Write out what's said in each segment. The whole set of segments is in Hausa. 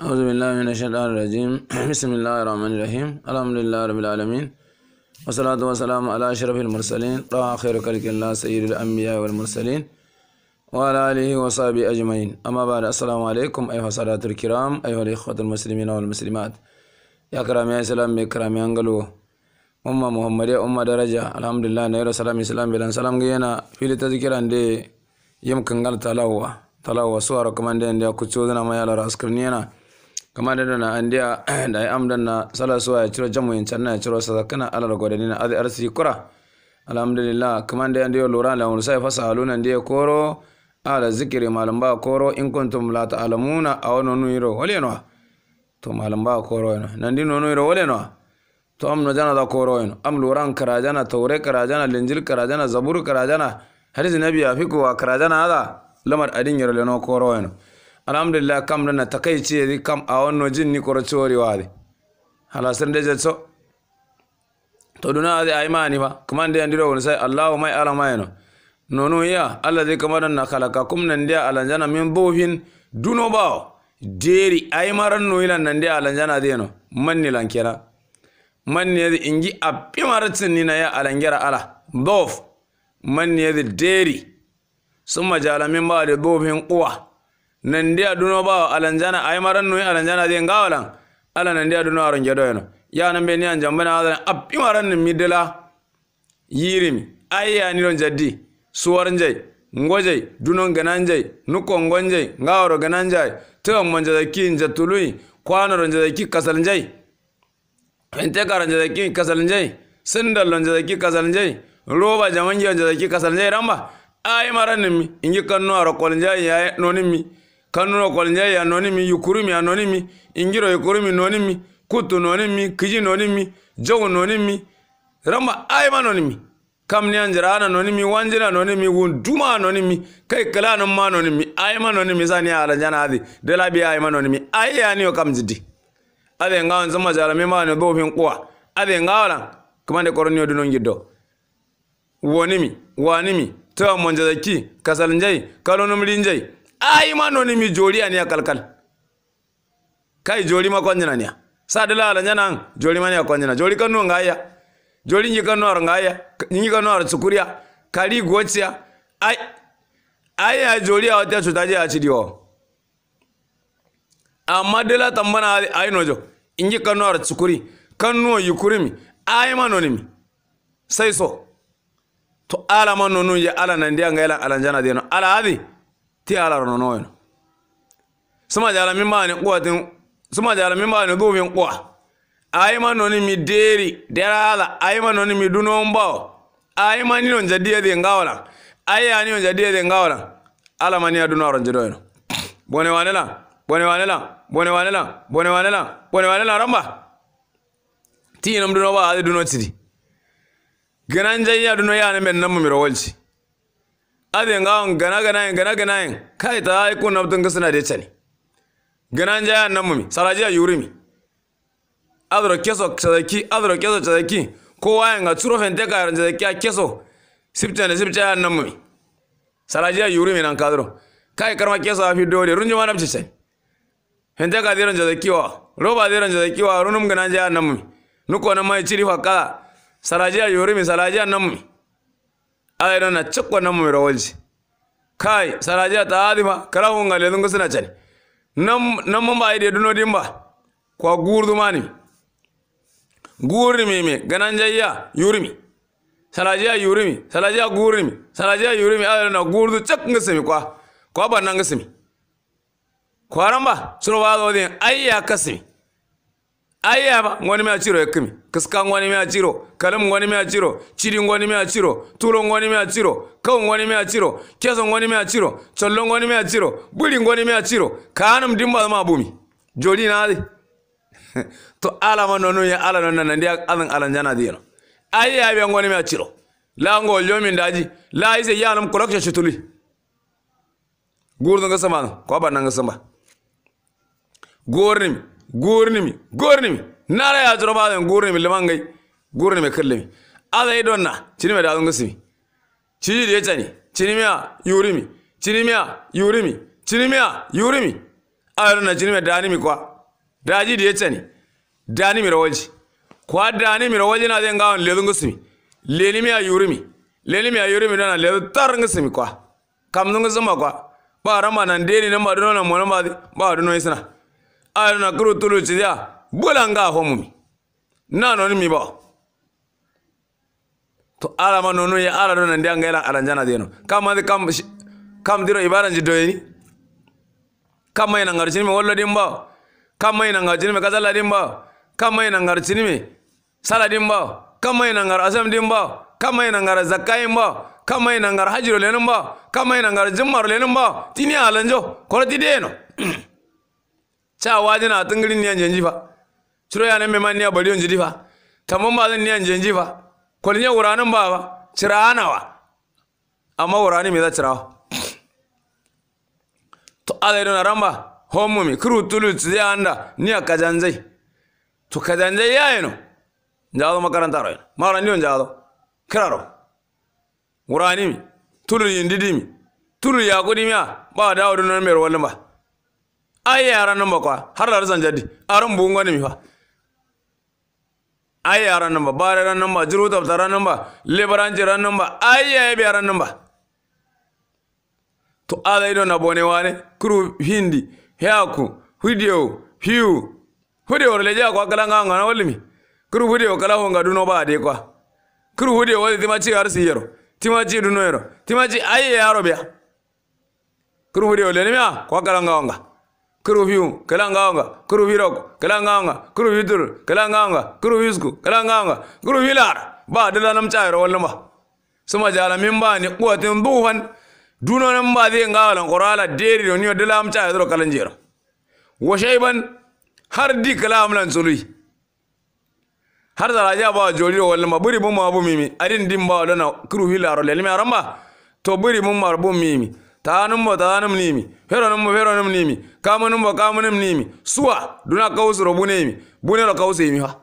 أعوذ بالله من الشيطان الرجيم بسم الله الرحمن الرحيم الحمد لله رب العالمين والصلاة والسلام على أشرف المرسلين طه خير خلق الله سيد الأنبياء والمرسلين وعلى آله وصحبه أجمعين أما بعد السلام عليكم أيها الصلاة الكرام أيها الإخوة المسلمين والمسلمات يا كرامي السلام بكرامي أنجلو أمة محمد يا أمة درجة الحمد لله نير السلام السلام بلان سلام جينا في التذكير عندي يمكن قال تلاوة تلاوة سورة كمان دين دي أكتشوزنا ما يلا راس كرنينا kamar da na andiya da ya amda na sala suwa ya ciro jamu yin canna ya ciro sadakana ala da gwadani na azi arsi kura alhamdulillah kamar da andiyo lura da wani sai fasa da ndiya koro ala zikiri malam ba koro in kuntum la a wani no nuiro wale no to malam ba koro nan nandi no nuiro wale no to am na jana da koro yana am luran karajana kara karajana linjil karajana zabur karajana hadis nabi afiku kara jana hada lamar adin yaro leno koro yana alhamdulillah kam dana ce yadi kam a wanno jinni yawa ne halasar da jetso to duna yi aimani ba yan dira wani sai allahu mai ala mayno nono ya alladhi kamadan na kuma nan dia alanjana min bofin duno ba bawo deri yi no ilan nan dia alanjana deno manni lankera manni yadi ingi apimaratin nina ya alangera ala bof manni yadi deri sun jala min ba de bofin uwa nandi duno bawo alanjana ay maran nu alanjana de ngawalan ala nandi duno aron jedo yano ya nan be ni an jambana adan abbi maran ni midela a ay ya ni don jaddi suwar jai ngojai dunon gananjai nukon gonjai ngawaro gananjai tewon manjazaki jatului kwanaron jazaki kasaljai fente karon jazaki kasaljai sindallon jazaki kasaljai roba jamangiyon jazaki kasaljai ramba ay maran ni mi ingi kanno aro koljai ya nonin mi kanuno kolnje ya nonimi yukurumi ya nonimi ingiro yukurumi nonimi kutu nonimi kiji nonimi jogu nonimi ramba ayma nonimi kamni anjira ana nonimi wanjina nonimi wunduma nonimi kai kala nan ma nonimi ayma nonimi sani ala jana adi de labi ayma nonimi ayya ni kam jidi ade ngawan sama jala mema ne do fin kuwa ade ngawala kamande koronio dunon giddo wonimi wanimi tawa monjazaki kasalinjai kalonumlinjai ai mano ni mi jori ani kalkal kai jori ma kwanje nyana nia sa dala la la nyana jori ma nia kwanje na jori kanu ngaya jori nyi kanu ar ngaya nyi kanu ar sukuria kali gwotia ai ai ai jori a wata cuta je a ci diwo amma dala tambana ai nojo nyi kanu ar sukuri kanu yukurimi ai mano ni mi sai so to ala mano nu ya ala nan dia ngaila de deno ala hadi ti ala rono no jala mi mani kuwa tin sama jala mi mani kuwa ai noni mi deri derala ai ma noni mi duno mbao ai ma ni non jadiya de ngawla ai ani on ala mani aduno ron jedoyno bone wanela bone wanela bone wanela bone wanela bone wanela ramba ti nom duno ba adi duno tidi ganan jayya duno yana men namu mi abe gawon gana gana yin, gana gana yin. kai ta kuna kun nabtun na dace ne gana jaya nan mumi sarajiya mi Azura keso cazaki azura keso cazaki kowa nga tsuro fente ka cazaki a keso da ne sipta nan mumi sarajiya mi nan kadro kai karma keso a fi dole runju manam sai fente ka diran cazaki wa roba diran cazaki wa runum gana jaya nan mumi nuko na mai chiri fakala sarajiya mi sarajiya nan mumi ayano na chakwa na mu mirawalji kai saraja ta adima kala hunga le dungo sina chani nam nam mamba ide duno dimba kwa gurdu mani gurmi me gananjaya yurmi saraja yurmi saraja gurmi saraja yurmi ayano na gurdu chak ngisimi kwa kwa banangisimi kwa suro ba do din ayya kasimi ayaba ngwani mya chiro ekimi kiska ngwani mya chiro kalam ngwani mya chiro chiri ngwani mya chiro tulo ngwani mya chiro kau ngwani mya chiro keso ngwani mya chiro chollo ngwani mya chiro buli ngwani mya chiro kanum dimba ma bumi joli nadi to ala ma nonu ya ala nonna nandi adan ala jana dino ayaba ngwani mya chiro la ngo yomi ndaji la ise yanum kolokje chutuli gurdo ngasama ko ba nangasamba gornim gurnimi gurnimi nara ya jiro ba den gurnimi limangai gurnimi kallimi ada yi donna cini mai dadun gusimi ciji da ya cani cini miya yurimi cini miya yurimi cini miya yurimi ada donna cini mai danimi kwa daji da ya cani danimi rawaji kwa danimi rawalji na zai gawon lezun gusimi leni miya yurimi leni miya yurimi dona lezun tarin gusimi kwa kamzun gusima kwa ba rama nan deni nan ba dunonan mu nan ba ba dunoyi suna aya na kuru tulu chidia bula nga homumi nano ni mibo to ala manunu ya ala dona ndia ngela aranjana deno kama de kam kam diro ibara njidoyini kama ina ngarchini me wolo dimba kama ina ngarchini me kazala dimba kama ina ngarchini me sala dimba kama ina ngar asam dimba kama ina ngar zakai mba kama ina ngar hajiro lenumba kama ina ngar jummar lenumba tini alanjo kora tideno chawa jina tungri niyan jenjifa chiro yana man niya bari onji fa tamon ba zan niyan jenjifa kwalinya wuranin ba ba cira anawa amma wurani me za cirawa to alai don ramba homo mi kuru tulu tsi anda niya kajanzai to kajanzai yayino njaalo makaranta ro mara ndiyo Kira kiraro wurani mi tulu didi mi tulu yakudi miya ba dawo dunar mai ruwan ba ai ara namba kwa har da zan jadi aran bugun wani mi fa ai yaran nan ba bare ran nan ba jiru ta namba nan ba lebaran jiran nan ba ai yayi bi to ala ino na bone wane kuru hindi heaku hudio hiu hudio leja kwa kala nganga na walimi kuru hudio kala honga duno ba de kwa kuru hudio wali timachi arsi yero timachi duno yero timachi ai yaro bia kuru hudio lenimia kwa kala nganga kurufiu kalanganga kurufiroko kalanganga kurufituru kalanganga kurufisku kalanganga kurufilar ba dala nam chayro nama. suma jala min ni kuwa tim buhan. duno nam ba de ngala korala deri do ni dala am chayro kalanjero wa shayban har di kalam lan sului har da raja ba joli do nama. buri bumma ma mimi adin din ba lana kurufilaro lelmi aramba to buri bumma marbu mimi tanumba tanum nimi feronumba feronum nimi kamunumba kamunum nimi suwa duna kawusuro bunemi kausu kawusemi ha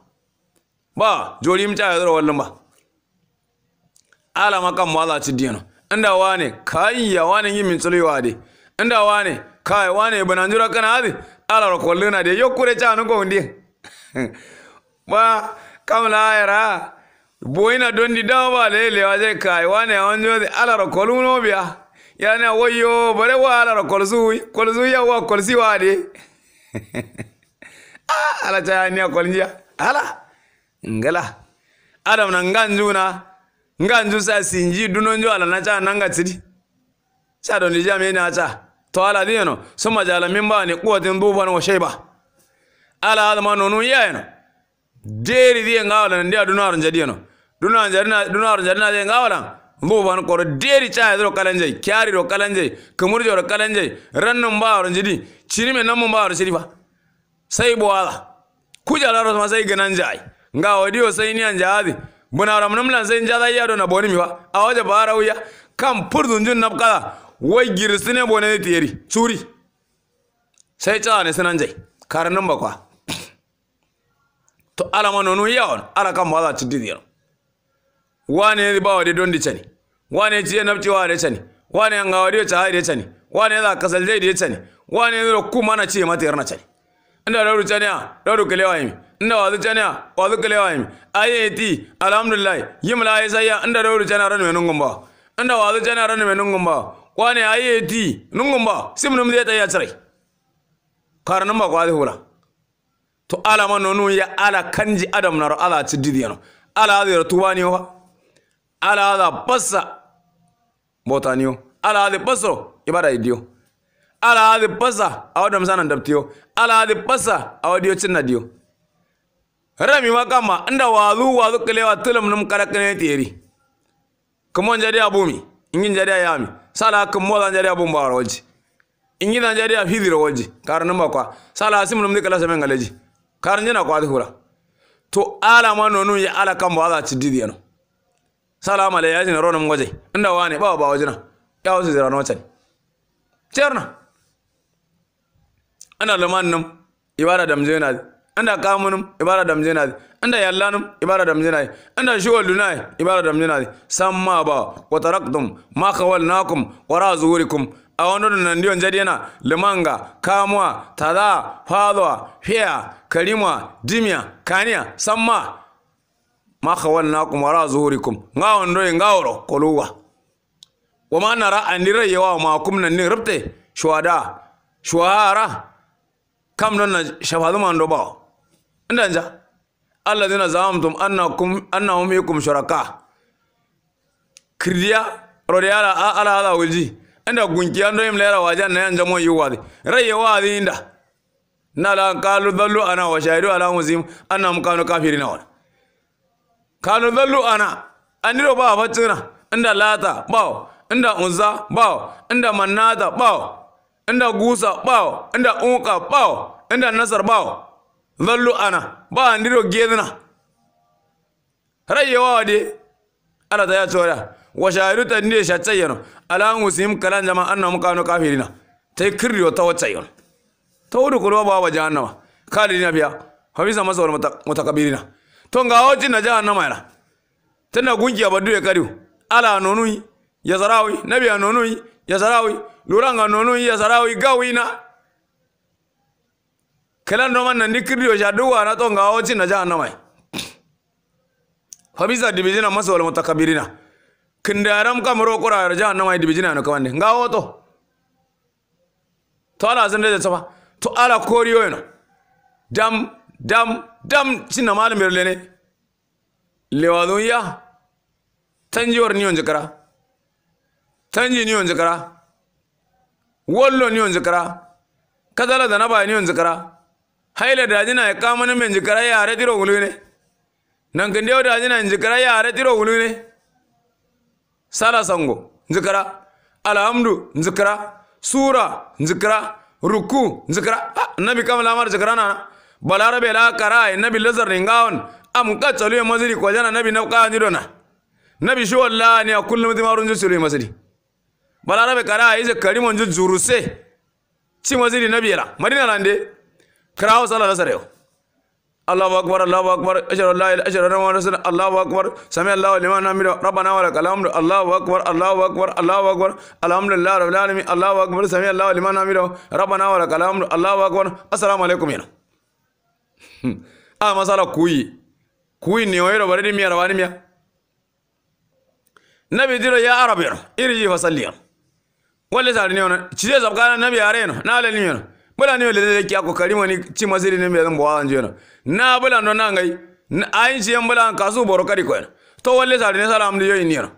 ba jolim caya ro wallan ba ala makam wala ci dino inda wane ya wane yimin tsuliwa de inda wane kai wane bananjura kana abi ala rokolluna de yokure canu ko ndi ba kamla ayara boina dondi dawa lele waje kai wane wanjo ala rokolluno biya yani, awoyo bare wala ro kolzui kolzui ya wa kolzi wade ah ala ta ni kolnja ala ngala nganju na nganju sa sinji dunonjo ala na cha nanga tidi cha don ja me na cha to ala dino suma jala mimba ni kuwatin dufan na washeba ala ala adam nonu yeno deri die ngawla ndia dunar njadino dunar njadina dunar njadina de ngawla ngo ban koro deri cha edro kalanje kyari ro kalanje kamur jo ro kalanje rannum ba ro jidi me namu ba ro shirifa sai kuja kujala ro sai gananjai nga odio sai ni anjaadi buna ram namlan sai njada ya do na boni miwa awaja bara uya kam purdun jun napkala wai girsine bone tiyeri churi sai cha ne sananjai karanum ba kwa to ala alama nonu yawon ala kam wala chiddi yawon wane ne ba wade don dice ne wane ci na ci wa ce ne wane an ga wade ci haide ce ne wane za kasal zai dice ne wane ne kuma na ce mata yarna ce inda rauru ce ne a rauru kalewa yi inda wazu ce ne a wazu kalewa yi ti, alhamdulillah yimla ya sayya inda rauru ce ne ran mai nungun ba inda wazu ce ne ran mai nungun ba wane ti, nungun ba simnum zai ya tsirai karnan ba kwazi hula to alama nonu, ya ala kanji adam na ala didiyano ala zai tuba ne wa ala da pasa botaniyo ala da paso ibada idiyo ala da pasa a wadda misanan daftiyo ala da pasa a wadiyo cinna diyo rami ma kama inda wazu wazu kalewa tulum num karakane tiyeri kuma jariya bumi ingin jariya yami sala kuma zan jariya bumi bawar waje ingin zan jariya fidira waje karnin bakwa sala asimu num kala semen galeji karnin jina kwa hura to ala ma nonu ya ala kan ba za ci didiyano sala male ya jina ronan waje inda wane ba ba wajina ya wasu zira notan cerna ana lumanum ibada damjena anda kamunum ibada damjena anda yallanum ibada damjena anda shuwalunai ibada damjena samma ba wa taraktum ma khawalnakum wara zuhurikum a wani nandiyon jadena limanga kamuwa tada fadwa fiya karima dimiya kaniya samma ما خولناكم وراء ظهوركم غاو نروي غاو رو قلوة وما نرى أن نرى يوا ما كمنا نربت شوادا شوارا كم لنا شفاذ ما ندوبا ننجا الذين زامتم أنكم أنهم يكم شركاء كرديا روديالا على هذا ولجي عند غنكي عندو يم ليرا واجا نان جمو يوادي ري يوادي ندا نالا قالوا ذلوا أنا وشاهدوا على مزيم أنهم كانوا كافرين اول kanu zallu ana aniro ba fatina inda lata bawo inda unza bawo inda mannata bawo inda gusa bawo inda unka bawo inda nasar bawo zallu ana ba andiro gedna Rayewa wade ala ta ya tsora wa shahidu ta ne shatsayyano ala musim kalan jama'a annahum kanu kafirina tai kirriyo ta waccayon ta wudu kulwa ba wa jahannama kalina biya masa masawar mutakabirina ga hoji na jahannama yana tana gungi abadu ya kariu ala nonui ya zarawi nabi ya nonui ya zarawi luranga nonui ya zarawi gawina kala no man ndikirdio jaduwa na ga hoji na mai fabiza dibijina masu wal mutakabirina kindaram kamro na mai dibijina no kawande ngawo to to ala zan da safa to ala koriyo yana dam dam dam cinna yar lene lewazun ya tanji war niyon jikara tanji niyon jikara Wallo niyon jikara kadala da ba niyon jikara haile da jina ya kama ni men jikara ya are tiro wulu ne nan kinde da jina jikara ya are tiro wulu ne sala sango jikara alhamdu jikara sura jikara ruku jikara ah, nabi kamala mar jikara na balarabe la kara ay nabi lazar ringawon am katsalu ya maziri ko jana nabi na kani dona nabi shi walla ne a kullum zai marun jisuru ya maziri balarabe kara ay ize karimon ji juruse ci maziri nabi yala madina lande kara hausa la lazar yo Allahu akbar Allahu akbar ashhadu an la ilaha illa Allah wa Allahu akbar sami Allahu liman hamida rabbana wa lakal hamdu Allahu akbar Allahu akbar Allahu akbar alhamdulillahi rabbil alamin Allahu akbar sami Allahu liman hamida rabbana wa lakal hamdu Allahu akbar assalamu alaikum yana a ah, masala kuyi kuyi ni oyro barani mi arwani miya nabi dira ya arabira iri yi sallir wale sar ni ona chide zab kana nabi areno na wala ni ona bula ni wala lele kiya ko karimo ni chi masiri ni mi zan bawa anjona na bula no na ngai yi ciyen bula kasu boro kari ko to wale sar ni sara ni yoyin ni ona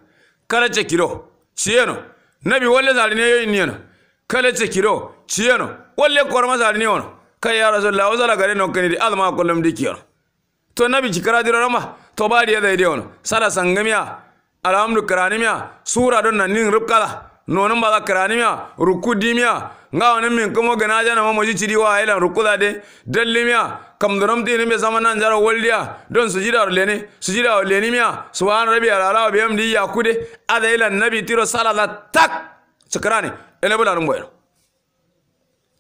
kala ce kiro na nabi wale sar ni yoyin ni ona kala ce kiro ciyeno wala korma sar ni ona kai ya rasu o sala gare na kanidi alma kullum dikiyar to nabi cikara dira rama to bari ya zai dai sada sangamiya alhamdu karanimiya sura don nan nin rubkala nonon ba za karanimiya rukudimiya nga wani min kuma gana jana ma moji ciri wa ailan rukuda da de dallimiya kam donom ti ne nan jara waldiya don su jida lene su jida lene miya subhan rabbi ala bi hamdi yakude ada ilan nabi tiro sala tak cikrani ele bula rumbo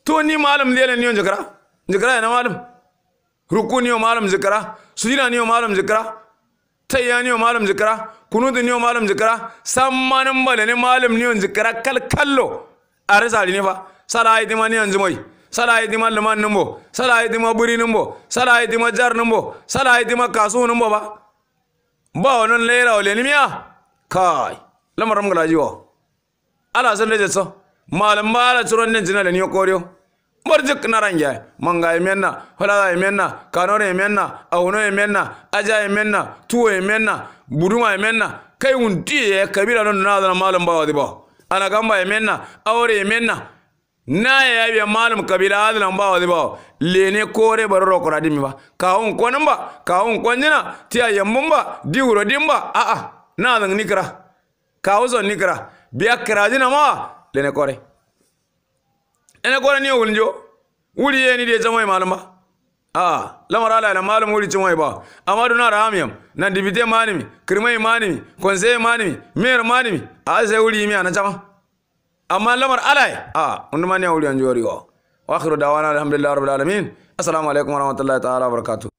to ni malam dele niyo zikira jikra yana malam ruku niyo malam zikira sujuda niyo malam zikira tayya niyo malam zikira kunudu niyo malam zikira sammanin bala ni malam niyo zikira kal kallo A sali ne fa sala ayi dima niyo jumoi sala ayi dima luman numbo sala ayi dima buri numbo sala ayi dima jar numbo sala ayi dima kasu nimbo ba ba wannan lera o ni miya kai gala galajiwa ala san leje so malam bala tsuron nin jina le niyo koryo na naranja manga yemenna holala yemenna kanore yemenna awono yemenna aja yemenna tuwo yemenna buduma yemenna kai ya kabila non na da malam bawa dibo ana gamba yemenna awore yemenna na ya yabiya malam kabila adana bawa dibo lene kore ro kora dimi ba kawun kwanin ba kawun kwanjina tiya mun ba diwuro dimba a'a na zan nikira ka uzo nikira biya jina ma lene kore lene kore ni wuli jo wuli ye ni de zama maluma ah lamar ala la malum wuri cin wai ba amadu na ramiyam na dibite manimi kirmai manimi konse manimi mer manimi a sai wuri mi ana jama amma lamar ala ah unda mani wuri an jori wa akhiru dawana alhamdulillahi rabbil alamin assalamu alaikum warahmatullahi ta'ala wabarakatuh